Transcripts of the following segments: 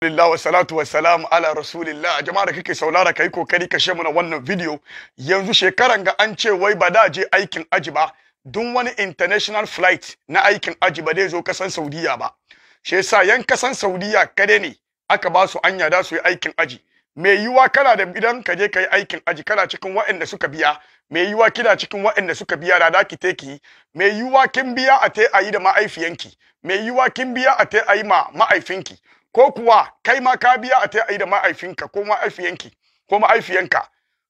Alhamdulillah salatu wa salam ala rasulillah jama'a da kake saulara kai kokari ka shemu na wannan video yanzu shekaran ga an ce wai ba da je aikin aji ba dun wani international flight na aikin aji ba dai zo kasan Saudiya ba shi yasa yan kasan Saudiya kare ne aka ba su anya da su yi aikin aji me yiwa kana da idan ka je ka aikin aji kana cikin waɗanda suka biya me yiwa kina cikin waɗanda suka biya da daki teki me yiwa kin biya a te ayi da ma'aifiyanki me yiwa kin biya a te ayi ma ma'aifinki ko kuwa kai ma ka biya a ta yi da ma'aifinka ko ma'aifiyanki ko ma'aifiyanka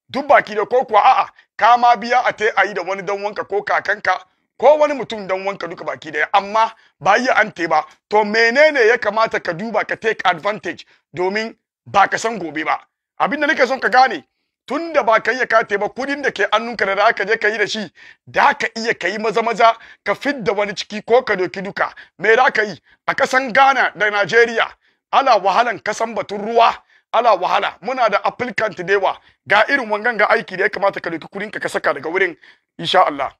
duk baki da ko kuwa a'a ka ma biya a ta yi da wani dan wanka ko kakanka ko wani mutum dan wanka duka baki daya amma ba yi an te ba to menene ya kamata ka duba ka take advantage domin ba ka san gobe ba Abin da nake son ka gane tun da ba ka iya ka te ba kudin da ke annunka da aka je ka yi da shi da ka iya ka yi maza maza ka fidda wani ciki ko ka doki duka me da ka yi a kasan Ghana da Najeriya ala wahalan kasan batun ruwa ala wahala muna da applicant da yawa ga irin wangan ga aiki da ya kamata ka dauki kudin ka saka daga wurin insha Allah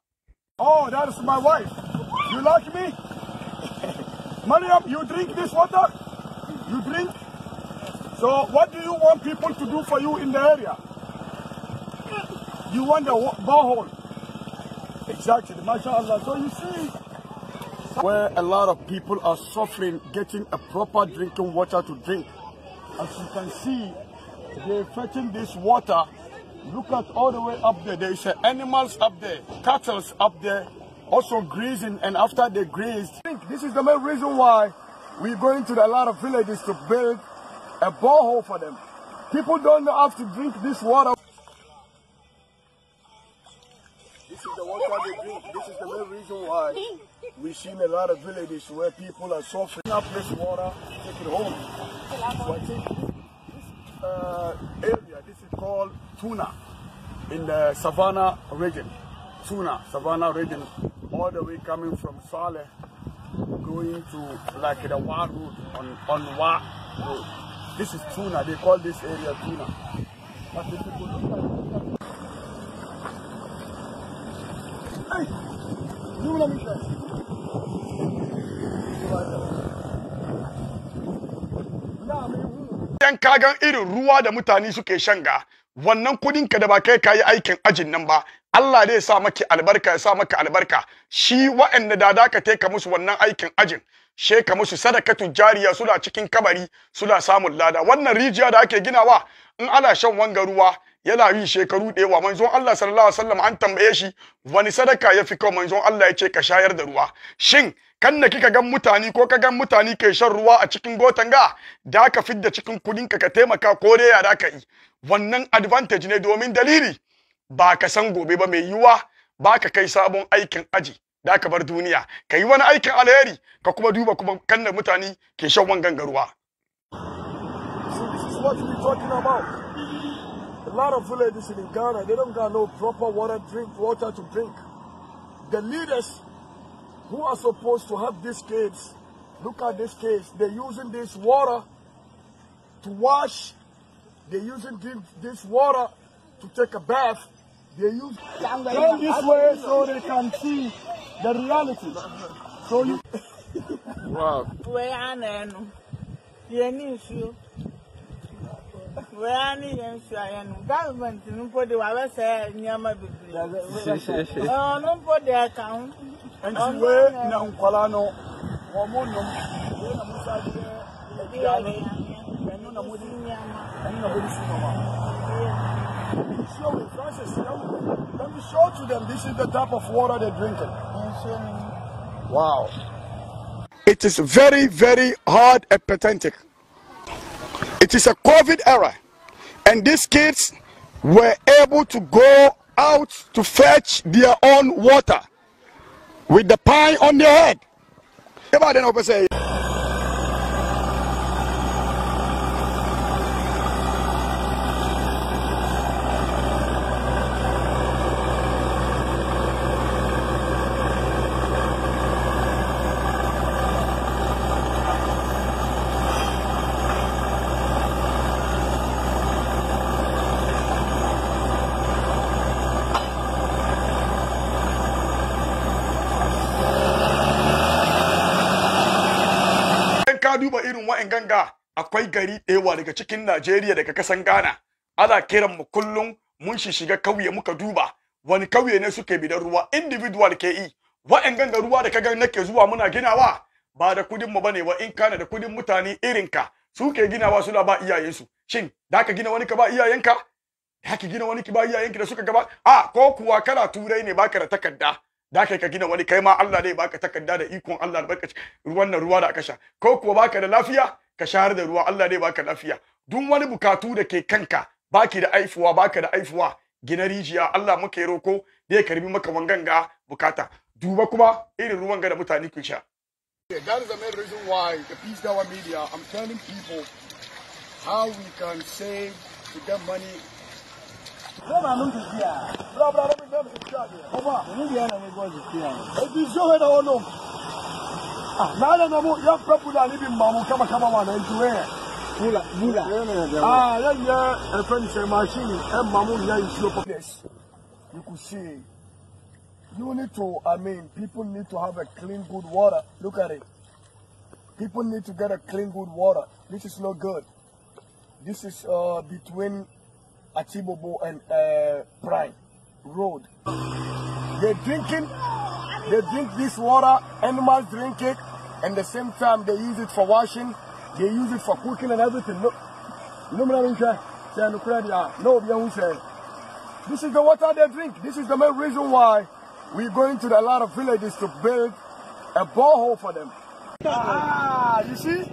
oh that is my wife you like me Mariam you drink this water you drink so what do you want people to do for you in the area you want a borehole exactly mashallah so you see where a lot of people are suffering getting a proper drinking water to drink. As you can see, they're fetching this water. Look at all the way up there. There is animals up there, cattle up there, also grazing. And after they grazed, I think this is the main reason why we're going to a lot of villages to build a borehole for them. People don't have to drink this water. what they drink. This is the main reason why we see in a lot of villages where people are suffering. Up this water, take it home. So I think this uh, area, this is called Tuna in the Savannah region. Tuna, Savannah region, all the way coming from Saleh, going to like the Wa road on, on Wa road. This is Tuna, they call this area Tuna. But if you look at jumla kagan irin ruwa da mutane suke shan ga wannan kudin ka da ba kai kayi aikin ajin nan ba Allah zai sa maki albarka ya sa maka albarka shi wa'anda da da ka taika musu wannan aikin ajin she ka musu sadakatu jariya suna cikin kabari suna samun lada wannan rijiya da ake ginawa in ana shan wanga ruwa yana yi shekaru da yawa manzon Allah sallallahu alaihi wasallam an tambaye shi wani sadaka yafi kawai manzon Allah ce ka shayar da ruwa shin kan ne kika gan mutane ko ka gan mutane kai shan ruwa a cikin ga? da ka fidda cikin kudin ka ka taimaka ko dai ya da ka yi wannan advantage ne domin dalili ba ka san gobe ba mai yiwa ba ka kai sabon aikin aji da ka bar duniya ka yi wani aikin alheri ka kuma duba kuma kan ne mutane ke shan wangan garuwa. What lot of villages in Ghana, they don't got no proper water drink, water to drink. The leaders who are supposed to have these kids, look at these kids, they're using this water to wash, they're using this water to take a bath, they use turn this way so they can see the reality. So you... wow. Brani and Swayan, government, put the Yama, oh, no, put the account. And oh, Colano, Show let me show to them this is the type of water they're drinking. Wow. It is very, very hard and pathetic. It is a COVID era. And these kids were able to go out to fetch their own water with the pie on their head. wa'in ganga akwai gari ɗewa daga cikin Najeriya daga kasan Ghana ana kiran mu kullum mun shi shiga kauye muka duba wani kauye ne suke bidan ruwa individual ke yi wa'in ganga ruwa da kaga nake zuwa muna ginawa ba da kudin mu bane wa in kana da kudin mutane irinka suke ginawa suna ba iyayensu shin da ka gina wani ka ba iyayenka da ka gina wani ki ba iyayenki da suka gaba a ko kuwa kana turai ne baka da takarda da kai ka gina wani kai ma Allah zai baka takarda da ikon Allah da baka ruwan nan ruwa da aka sha ko kuwa baka da lafiya ka shahar da ruwa Allah zai baka lafiya duk wani bukatu da ke kanka baki da aifuwa baka da aifuwa gina rijiya Allah muke roko da ya karbi maka wanganga bukata duba kuma irin ruwan ga da mutane kun sha that is the main reason why the Peace Dawa Media I'm telling people how we can save to get money You could see you need to, I mean, people need to have a clean, good water. Look at it. People need to get a clean, good water. This is not good. This is uh, between Achibobo and uh, Prime Road. they drink drinking, they drink this water, animals drink it, and the same time they use it for washing, they use it for cooking and everything. No, no, this is the water they drink. This is the main reason why we're going to a lot of villages to build a borehole for them. Ah, you see?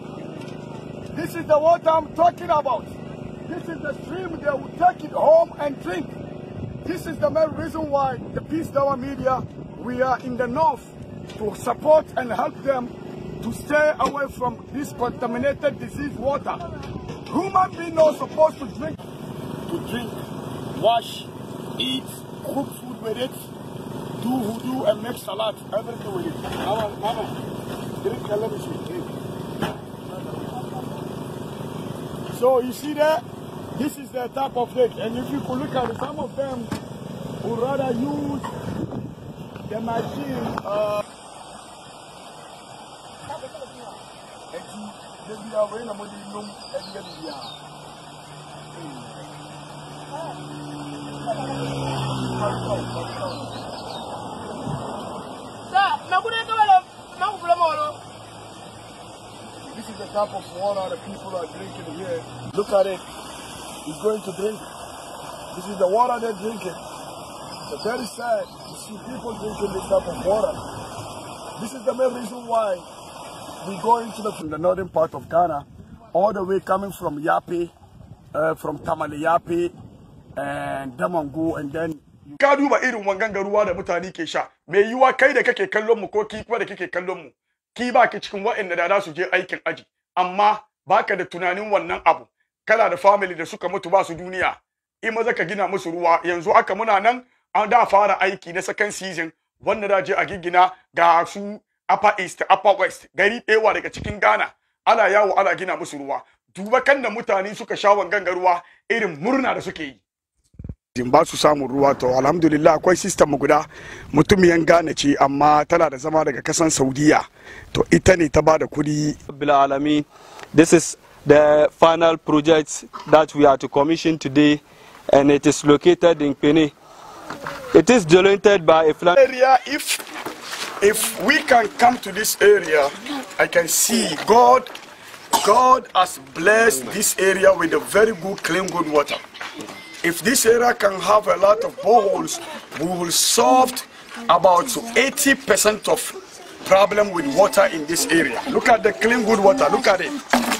This is the water I'm talking about. This is the stream they will take it home and drink. This is the main reason why the Peace Tower media, we are in the north to support and help them to stay away from this contaminated diseased water. Human beings are supposed to drink, to drink, wash, eat, cook food with it, do hoodoo and make salad, everything with it. Mama, mama, drink a little bit. So you see that? This is the type of lake. And if you could look at it, some of them would rather use the machine. Uh, This is the type of water the people are drinking here. Look at it is going to drink This is the water they are drinking. It's very sad to see people drinking this type of water. This is the main reason why we go into the, the northern part of Ghana, all the way coming from Yapi, uh, from Tamale Yapi, and Damangu, and then ka duba irin wangan ruwa da mutane ke sha me yiwa kai da kake kallon mu ko ki kuma da kake kallon mu ki ba ki cikin waɗanda da za su je aikin aji amma baka da tunanin wannan abu kana da family da suka mutu ba su duniya in maza ka gina musu ruwa yanzu aka muna nan an da fara aiki na second season wanda da je a gigina ga su upper east upper west gari ɗewa daga cikin Ghana ana yawo ana gina musu ruwa duba kan da mutane suka sha wangan ruwa irin murna da suke yi din ba su samun ruwa to alhamdulillah akwai system guda mutumiyan gane ce amma tana da zama daga kasan saudiya to ita ne ta bada kudi bil alamin this is the final project that we are to commission today and it is located in Pene. It is delimited by a flat area. If if we can come to this area, I can see God God has blessed this area with a very good clean good water. If this area can have a lot of boreholes, we will solve about 80% of problem with water in this area. Look at the clean good water. Look at it.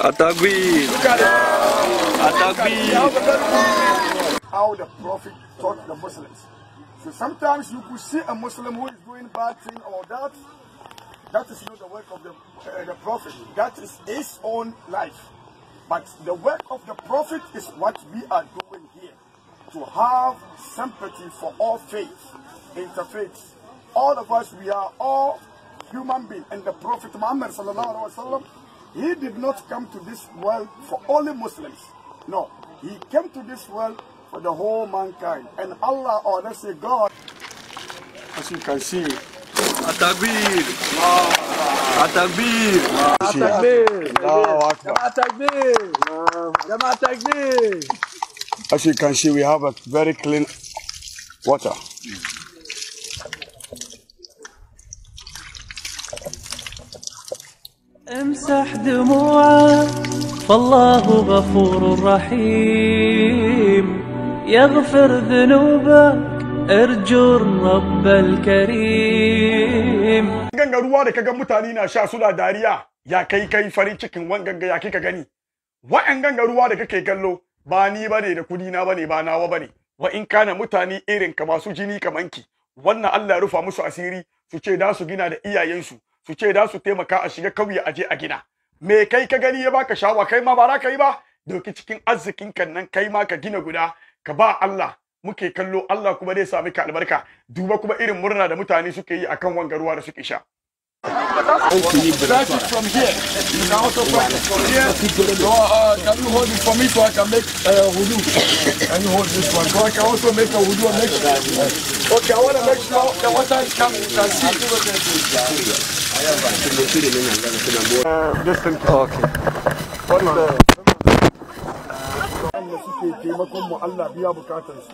Atagbi. Look at it. Atagbi. How the Prophet taught the Muslims. So sometimes you could see a Muslim who is doing bad thing or that. That is not the work of the, uh, the Prophet. That is his own life. But the work of the Prophet is what we are doing here. To have sympathy for all faiths, interfaiths. All of us, we are all human being and the Prophet Muhammad sallallahu alaihi wasallam, he did not come to this world for only Muslims. No, he came to this world for the whole mankind. And Allah, or let's say God, as you can see, Atakbir! Atakbir! Atakbir! Atakbir! As you can see, we have a very clean water. امسح دموعك فالله غفور رحيم يغفر ذنوبك ارجو الرب الكريم ganga ruwa da kaga mutane na sha suna dariya ya kai kai farin cikin wanganga ya kika gani wa'an ganga ruwa da kake kallo ba ni bane da kudi na bane ba nawa bane wa in kana mutane irin ka masu jini kamanki wannan Allah ya rufa musu asiri su ce da su gina da iyayensu su ce da su taimaka a shiga kauye aje a gina me kai ka gani ya baka shawa kai ma ba za ka yi ba doki cikin arzikin kan nan kai ma ka gina guda ka ba Allah muke kallo Allah kuma zai sami ka albarka duba kuma irin murna da mutane suke yi akan wangaruwa da suke sha Practice from here. You can also from here. So, uh, can you hold it for me so I can make uh, wudu? Can you hold this one? So I can also make a wudu and make sure. Okay, I want to make sure the water is coming. can see. Uh, in. Okay. What's the... waɗanda suke taimakon mu Allah biya bukatar su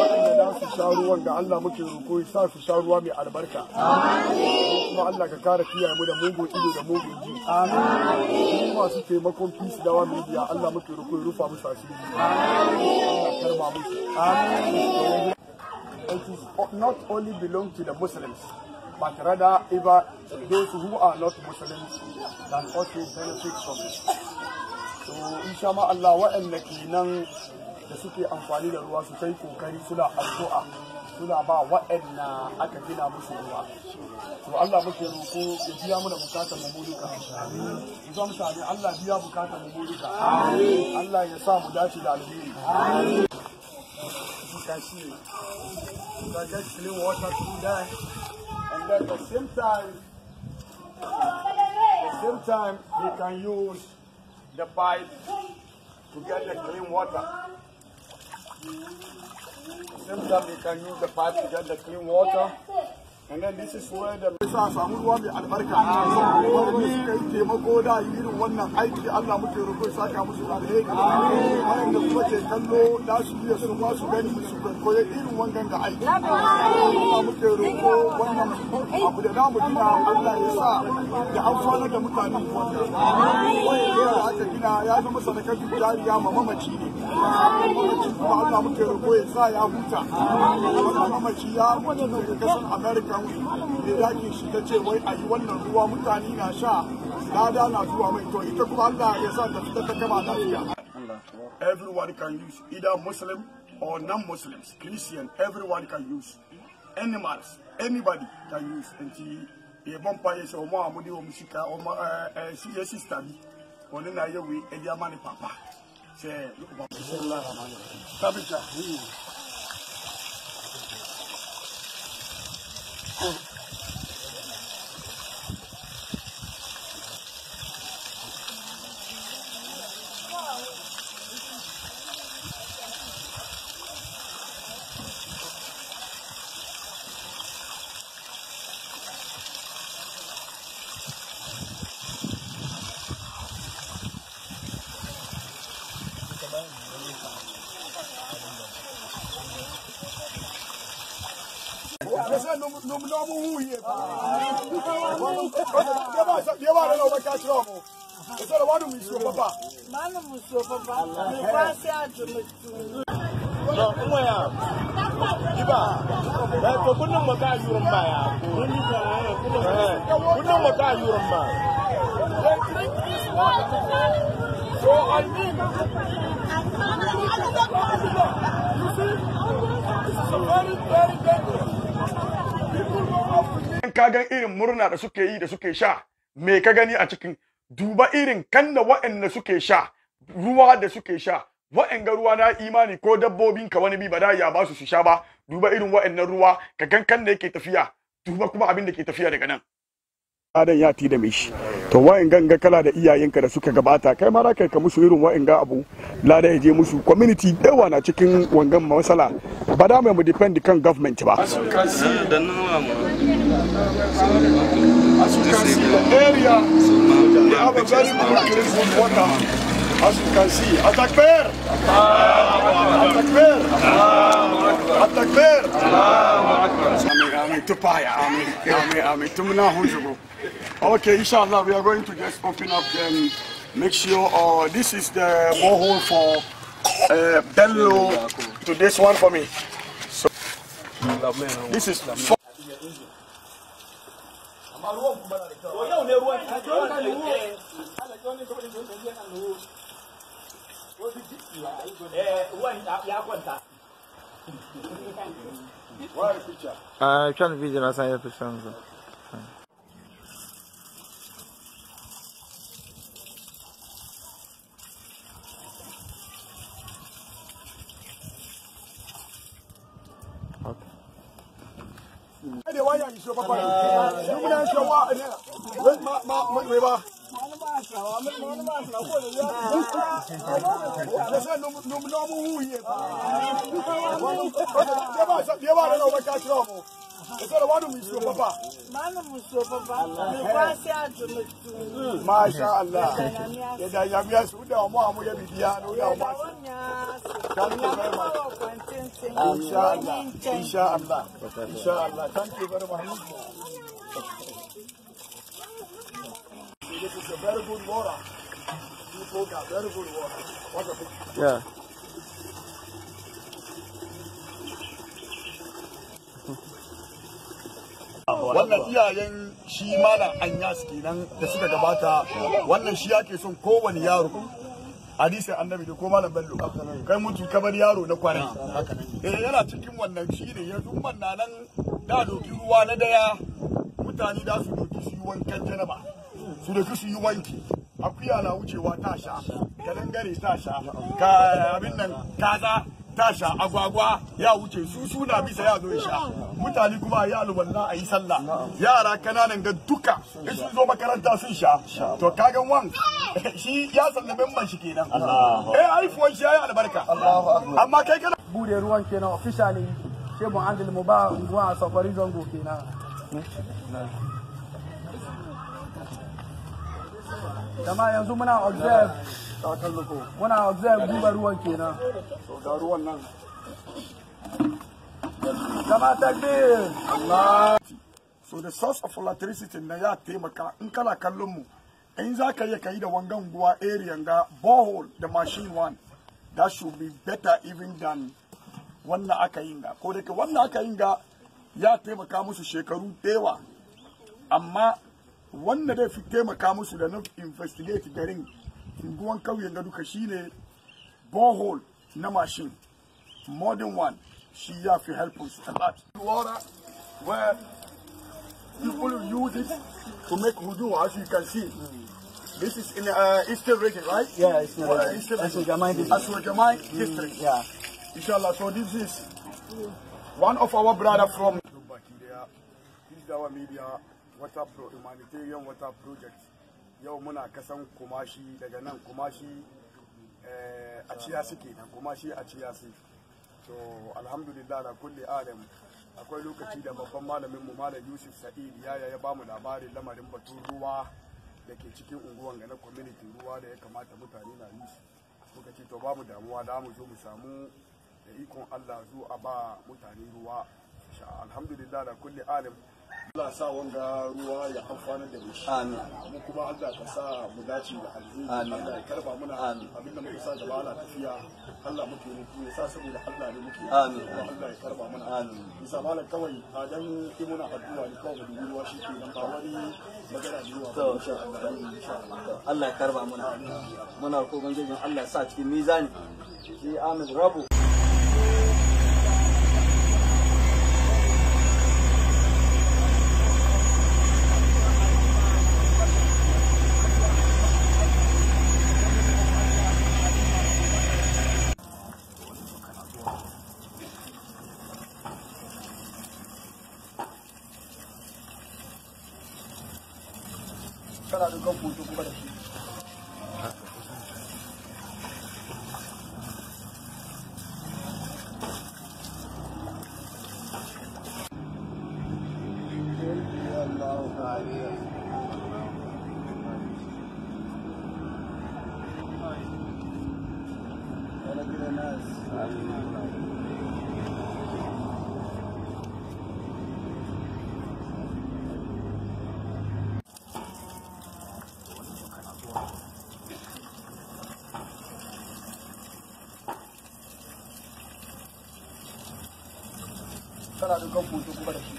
waɗanda za su sha ruwan ga Allah muke roƙo ya sa su sha ruwa mai albarka kuma Allah ka kare kiyaye mu da mugun ido da mugun ji amin masu taimakon peace da wa media Allah muke roƙo ya rufa musu asiri amin karba musu amin it is not only belong to the Muslims but rather even those who are not Muslims can also benefit from it. to insha ma Allah waɗanda ke nan da suke amfani da ruwa su kai kokari suna addu'a suna ba waɗanda aka gina musu ruwa to Allah muke roko ya biya mu da bukatar mu zan sa ne Allah biya bukatar mu amin Allah ya sa mu dace da alheri amin ka gets clean water to die And at the same time, at the same time, you can use the pipe to get the clean water. Sometimes you can use the pipe to get the clean water. and then this is where the sa samu ruwa mai albarka wani suka yi taimako da irin wannan aiki Allah muke roƙo ya saka musu alheri wanda kuma ke kallo da su iya su ma su gani su koyi irin wannan da aiki Allah muke roƙo wannan abu da namu gina Allah ya sa da amfanar da mutane wannan wani da aka gina ya zama sadakar jariya ma mamaci ne kuma muke roƙo ya sa ya huta wannan mamaci ya wani daga kasan America da shi ta wai a yi wannan ruwa mutane na sha lada na zuwa mai to ita kuma Allah ya sa ta fita ta kama everyone can use either Muslim or non-Muslims Christian everyone can use animals anybody can use ye yɛbɔ mpa yɛ sɛ ɔmo a mode ɔm sika ɔmo ɛɛ eh, eh, sister bi ɔne na ye we ɛdi e ama ne papa से कभी चाहिए kiba ka gan irin murna da suke yi da suke sha me ka gani a cikin duba irin kan da waɗanda suke sha ruwa da suke sha wa'anga ruwa na imani ko dabbobin ka wani bi ba da ya ba su su sha ba duba irin wa'annan ruwa ka gan da yake tafiya duba kuma abin da ke tafiya daga nan adan ya ti da mai shi to wa'in ganga kala da iyayenka da suka gabata kai ma kai ka musu irin wa'in ga abu lada ya je musu community dawa na cikin wangan masala ba da mai mu depend kan government ba Area, they have a very good water. As you can see, attack Atakber, Attack Amin, Amin, Okay, inshallah, we are going to just open up and make sure uh, this is the borehole for uh, to this one for me. So, this is wasu jiki trying to video na sanya picture. Okay. I show what? Ma, ma, ma, 了，我们忙着办了，或者要，我现在弄弄不弄不物业吧？别把别把人老板家知道不？Mesela var mı istiyor baba? Var mı istiyor baba? Maşallah. Dede yamya suda ama ama ya bir diyan o ya ama. İnşallah. İnşallah. İnşallah. Thank you very much. this is a very good water. People got very good water. What a picture. Yeah. wannan iyayen shi malam anyas kenan da suka gabata wannan shi ake son kowane yaro hadisin annabi da ko malam bello kai mutu kamar yaro na kwarai eh yana cikin wannan shi ne yanzu wannan nan da doki ruwa na daya mutane da su doki shi wankan janaba su da su yi wanki akuya na wucewa ta sha galangare ta ka abin nan kaza ta agwagwa ya wuce su suna bisa ya zo ya sha mutane kuma ya alwala a yi sallah yara kananan ga duka in sun zo makaranta sun sha to kaga wan shi ya sallame man shi kenan eh haifuwan shi ya yi albarka amma kai kana bude ruwan kenan officially sai mu andal mu ba ruwan a safari zango kenan jama'a yanzu muna observe muna observe duba ruwan kenan ga ruwan nan jama'a takbir Allah so the source of electricity na ya taimaka in kana kallon mu in za ka iya ka yi da wangan guwa area ga borehole da machine one that should be better even than wannan aka yin ga ko da ke wannan aka yin ga ya taimaka musu shekaru dewa amma wanda dai fi taimaka musu da not investigate garin unguwan kauyen ga duka shine borehole na More than one she ya fi help us a lot water where people use it to make wudu as you can see This is in uh, Eastern region, right? Yeah, it's in uh, Eastern region. Aswajamai district. mm, Yeah. Inshallah. So this is one of our brother from. Back This is our media. wata humanitarian water project yau muna kasan kumashi daga nan kumashi eh, a ciyasi nan kumashi a ciyasi to alhamdulillah da kulli adam akwai lokaci da babban malamin mu malam yusuf sa'id ya ya bamu labarin lamarin batun ruwa da ke cikin unguwan ga na community ruwa da ya kamata mutane na yi muka ce to babu damuwa da mu zo mu samu da ikon allah zuwa ba mutane ruwa alhamdulillah da kulli alim. Allah sa wanga ruwa ya amfana da mu. Amin. Mu kuma Allah ka sa mu dace da alheri. Amin. Allah ya karba muna abinda muka sa gaba ala tafiya. Allah muke nufi ya sa saboda Allah ne muke. Amin. Allah ya karba muna. Amin. Bisa malam kawai a dan ki muna addu'a ne kawai da ruwa shi ke nan ba wani magana da ruwa. To insha Allah. Allah. ya karba muna. Muna ko Allah sa cikin mizani. Rabu. tana dukan hoto kuma da shi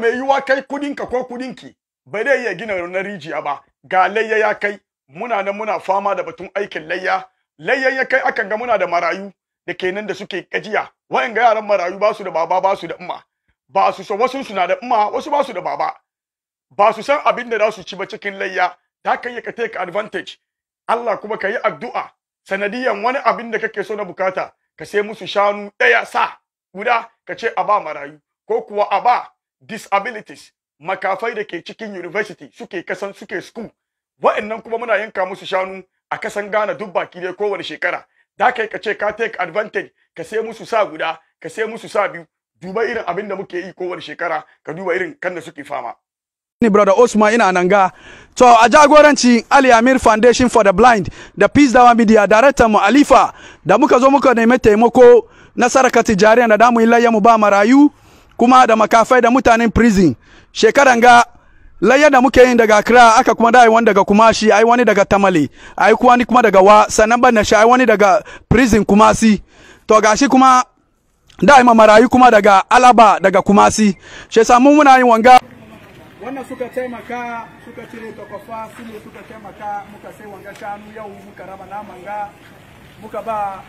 mai yiwuwa kai kudinka ko kudinki bai dai iya gina na rijiya ba ga layya ya kai muna nan muna fama da batun aikin layya layya ya kai akan ga muna da marayu da kenan da suke gajiya wa'in ga yaran marayu ba su da baba ba su da umma ba su so wasu su na da umma wasu ba su da baba ba su san abin da za su ci ba cikin layya ta yi ka take advantage Allah kuma ka yi addu'a sanadiyan wani abin da kake so na bukata ka sai musu shanu ɗaya sa guda ka ce a ba marayu ko kuwa a ba disabilities makafai da ke cikin university suke kasan suke school wa'annan kuma muna yanka musu shanu a kasan Ghana duk baki dai kowane shekara da kai ka ce ka take advantage ka sai musu sa guda ka sai musu sa biyu duba irin abin da muke yi kowane shekara ka duba irin kan da suke fama ni brother Osman ina nan ga to a jagoranci Ali Amir Foundation for the Blind da Peace Dawa Media director mu Alifa da muka zo muka nemi taimako na saraka tijariya da damu ilayya mu ba marayu kuma da makafai da mutanen prison shekaran ga layya da muke yin daga Accra aka kuma da ai wani daga Kumashi ai wani daga Tamale ai kuma ni kuma daga Wa sannan ban shi ai wani daga prison Kumasi to gashi kuma da ma marayu kuma daga Alaba daga Kumasi she samu muna yin wanga wannan suka taimaka suka cire takwafa su ne suka taimaka muka sai wanga shanu yau muka raba naman ga muka ba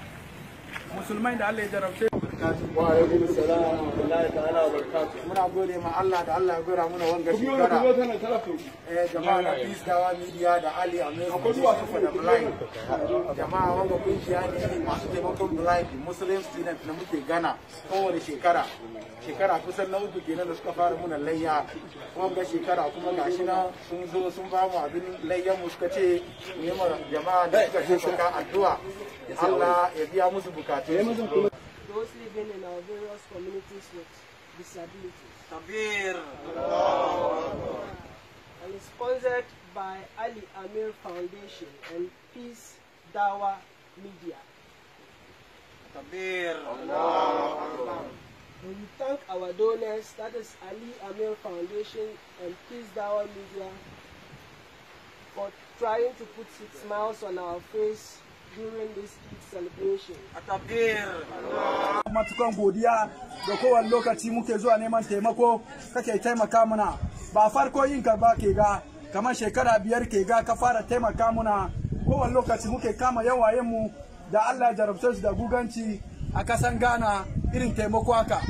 musulmai da allah ya jarabce wa alaikum salam wa rahmatullahi wa muna gode ma Allah da Allah ya gora muna wanga shekara eh jama'a na peace dawa media da Ali Amir da blind jama'a wanga kungiya ne masu taimakon blind muslim student na muke gana kowane shekara shekara kusan na uku kenan da suka fara muna layya wanga shekara kuma gashi na sun zo sun ba mu abin layyan mu suka ce neman jama'a da suka addu'a Allah ya biya musu bukatu living in our various communities with disabilities. Kabir! And it's sponsored by Ali Amir Foundation and Peace Dawa Media. Kabir! And we thank our donors, that is Ali Amir Foundation and Peace Dawa Media, for trying to put smiles on our face during Matukan godiya da kowane lokaci muke zuwa neman taimako kake taimaka muna ba farko yin ka ba ke ga kamar shekara biyar ke ga ka fara taimaka muna kowane lokaci muke kama yawayen mu da Allah jarabce da guganci a kasan Ghana irin taimako haka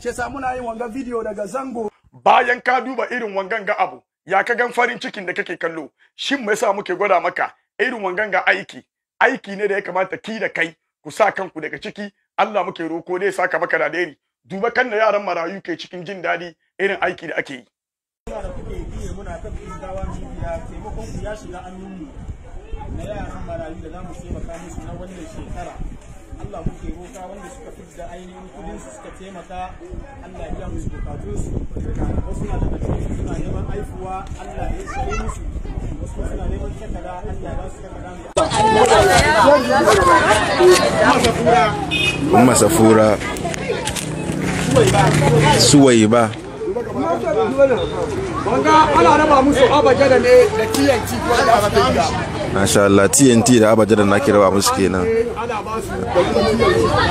ce sa muna yin wanga video daga zango bayan ka duba irin wangan ga abu ya ka gan farin cikin da kake kallo shin me yasa muke gwada maka irin wangan ga aiki aiki ne da ya kamata ki da kai ku sa kanku daga ciki Allah muke roko dai saka maka da dairi duba kan da yaran marayu ke cikin jin daɗi irin aiki da ake yi da muna kan fizawa cibiya taimakon ku ya shiga annunmu na yaran marayu da za mu taimaka musu na wannan shekara Allah muke roka wanda suka fi da ainihin kudin su suka taimaka Allah ya biya musu bukatun su wasu na daga cikin suna neman aifuwa Allah ya sare musu wasu suna neman takara Allah ya su takara Umma Safura Suwai ba Wanga ana raba musu abaja da ne da kiyanci wanda aka masha Allah TNT da abaja da nake ba musu kenan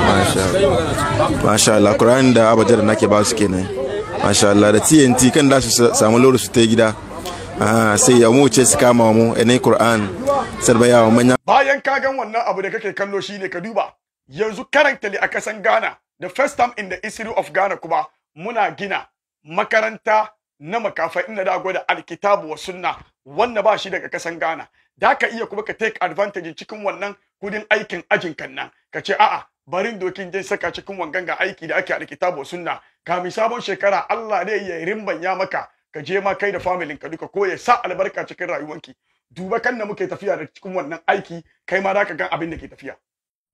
masha masha Allah Qur'an da abaja da nake ba su kenan masha Allah da TNT kan da su samu lori su ta gida ah, sai ya mu ce su kama mu ne Qur'an sarbayawa manya bayan ka gan wannan abu da kake kallo shine ka duba yanzu karanta li a kasan Ghana the first time in the history of Ghana kuma muna gina makaranta na makafa inda da gwada alkitabu wa sunna wanda ba shi daga kasan Ghana da ka iya kuma ka take advantage cikin wannan kudin aikin ajin kan nan ka ce a'a barin dokin jin saka cikin wangan ga aiki da ake alkitabu sunna mi sabon shekara Allah ne ya maka ka je ma kai da family ka duka ko ya sa albarka cikin rayuwanki duba kan da muke tafiya da cikin wannan aiki kai ma zaka gan abin da ke tafiya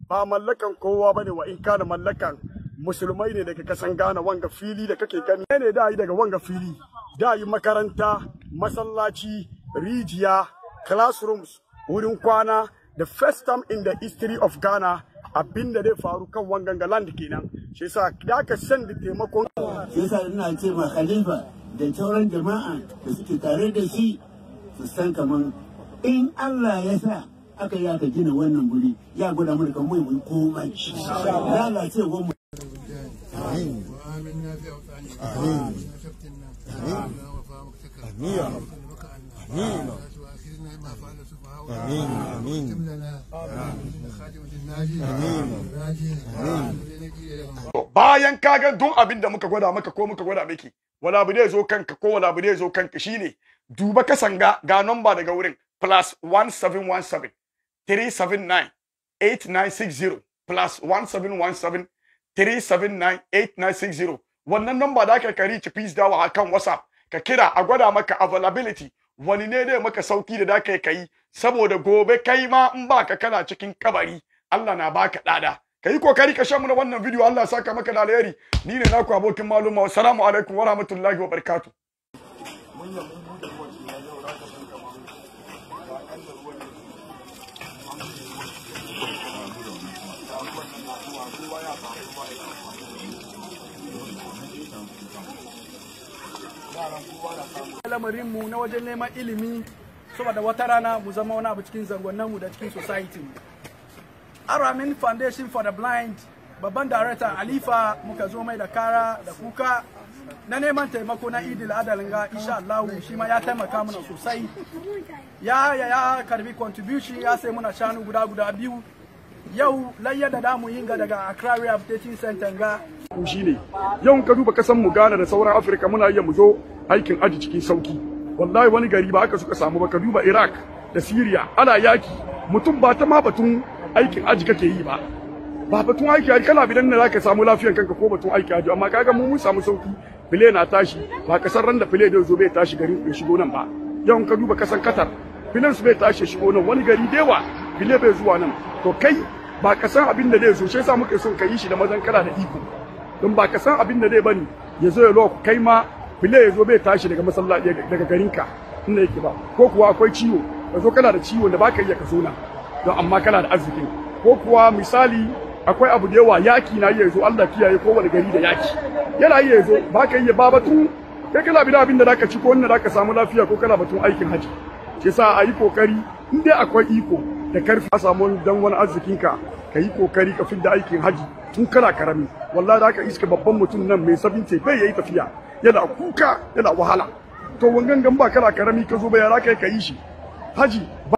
ba mallakan kowa bane wa in kana mallakan musulmai ne daga kasan Ghana wanga fili da kake gani ne da yi daga wanga fili da yi makaranta masallaci rijiya classrooms wurin kwana the first time in the history of ghana abin da zai faru kan wanganga land kenan shi yasa da ka san da taimakon shi yasa ina ce ma khalifa da sauran jama'a da suke tare da shi su san kaman in Allah ya sa aka yi aka gina wannan guri ya gwada mana kan mai mun komai lalacewa mu amin amin amin amin امين amin, bayan ka ga duk abin da muka gwada maka ko muka gwada miki wala abu ne zo kanka ko wala abu ne zo kanka shine duba ka sanga ga number daga wurin plus 1717 plus 1717 wannan number da ka kari ci please dawo akan whatsapp ka kira a gwada maka availability wani ne dai maka sauki da daka kai saboda gobe kai ma in baka kana cikin kabari Allah na baka dada kai kokari ka shan mu wannan video Allah ya saka maka da alheri ni ne naku abokin maluma assalamu alaikum wa rahmatullahi lamarin mu na wajen neman ilimi saboda wata rana mu zama wani abu cikin zangonnen mu da cikin society aramin foundation for the blind babban darakta alifa muka zo mai da kara da kuka na neman taimako na idil adalin ga insha Allah shi ma ya taimaka mana sosai ya ya ya karbi contribution ya sai muna shanu guda guda biyu yau layya da damu yin ga daga Accra Area Updating Center ga shi ne yau ka duba kasan mu Ghana da sauran Afirka muna iya mu zo aikin aji cikin sauki wallahi wani gari ba aka suka samu ba ka duba Iraq da Syria ana yaki mutum ba ta ma batun aikin aji kake yi ba ba batun aiki aji kana bidan ne zaka samu lafiyar kanka ko batun aiki aji amma kaga mu mun samu sauki file na tashi ba kasar ran da file da zo bai tashi garin ya shigo nan ba yau ka duba kasan Qatar filan bai tashi shigo nan wani gari dewa. bile bai zuwa nan to kai ba ka san abin da zai zo shi yasa muke son ka yi shi da mazan kala da iko don ba ka san abin da zai bani ya zo ya lo kai ma bile ya zo bai tashi daga masallaci daga garinka inda yake ba ko kuwa akwai ciwo ka zo kana da ciwon da baka iya ka zo na don amma kana da arzikin ko kuwa misali akwai abu da yawa yaki na iya zo Allah kiyaye ko gari da yaki yana iya zo baka iya ba batun kai kana bi da abin da zaka ci ko wanda zaka samu lafiya ko kana batun aikin haji shi sa a yi kokari in dai akwai iko da karfi a samu dan wani arzikinka ka yi kokari ka fi da aikin haji tun kana karami wallahi da aka iska babban mutum nan mai sabin ce bai yayi tafiya yana kuka yana wahala to wangan ba kana karami ka zo ba aka yi ka yi shi haji